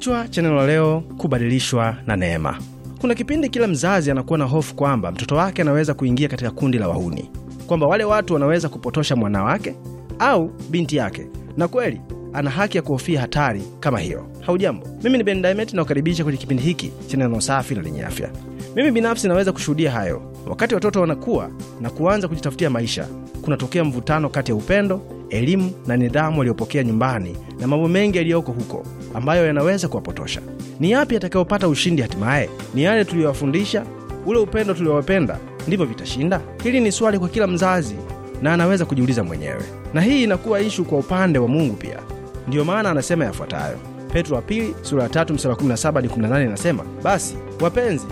Kichwa cha neno la leo, kubadilishwa na neema. Kuna kipindi kila mzazi anakuwa na hofu kwamba mtoto wake anaweza kuingia katika kundi la wahuni, kwamba wale watu wanaweza kupotosha mwana wake au binti yake, na kweli ana haki ya kuhofia hatari kama hiyo. Haujambo, mimi ni Ben Diamond na kukaribisha kwenye kipindi hiki cha neno safi na lenye afya. Mimi binafsi naweza kushuhudia hayo. Wakati watoto wanakuwa na kuanza kujitafutia maisha, kunatokea mvutano kati ya upendo, elimu na nidhamu waliopokea nyumbani na mambo mengi yaliyoko huko ambayo yanaweza kuwapotosha. Ni yapi yatakayopata ushindi hatimaye? Ni yale tuliyowafundisha, ule upendo tuliowapenda, ndivyo vitashinda? Hili ni swali kwa kila mzazi na anaweza kujiuliza mwenyewe, na hii inakuwa ishu kwa upande wa Mungu pia. Ndiyo maana anasema yafuatayo, Petro wa pili sura ya 3 mstari 17 hadi 18, inasema basi wapenzi,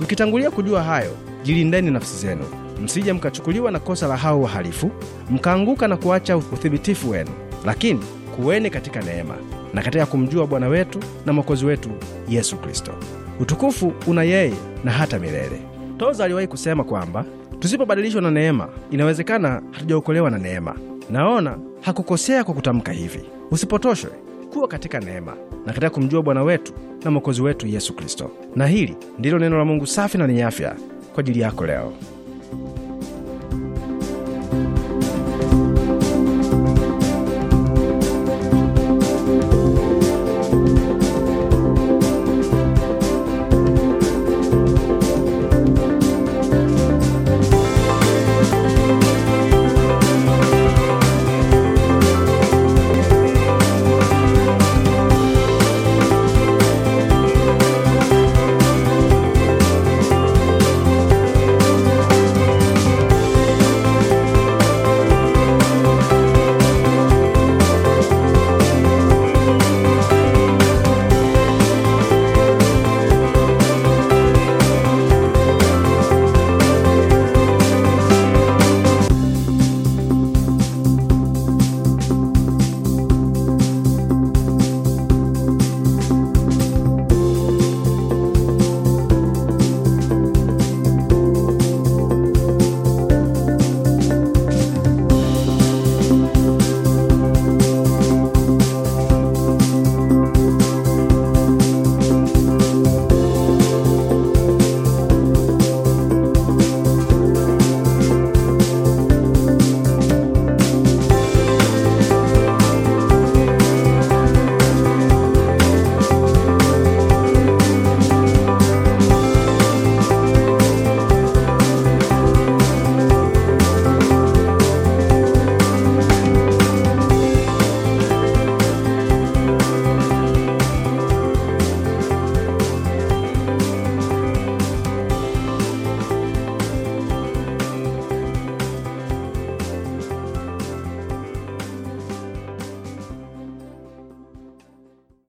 mkitangulia kujua hayo, jilindeni nafsi zenu msije mkachukuliwa na kosa la hao wahalifu, mkaanguka na kuacha uthibitifu wenu. Lakini kuweni katika neema na katika kumjua Bwana wetu na Mwokozi wetu Yesu Kristo. Utukufu una yeye na hata milele. Toza aliwahi kusema kwamba tusipobadilishwa na neema, inawezekana hatujaokolewa na neema. Naona hakukosea kwa kutamka hivi. Usipotoshwe, kuwa katika neema na katika kumjua Bwana wetu na Mwokozi wetu Yesu Kristo. Na hili ndilo neno la Mungu safi na lenye afya kwa ajili yako leo.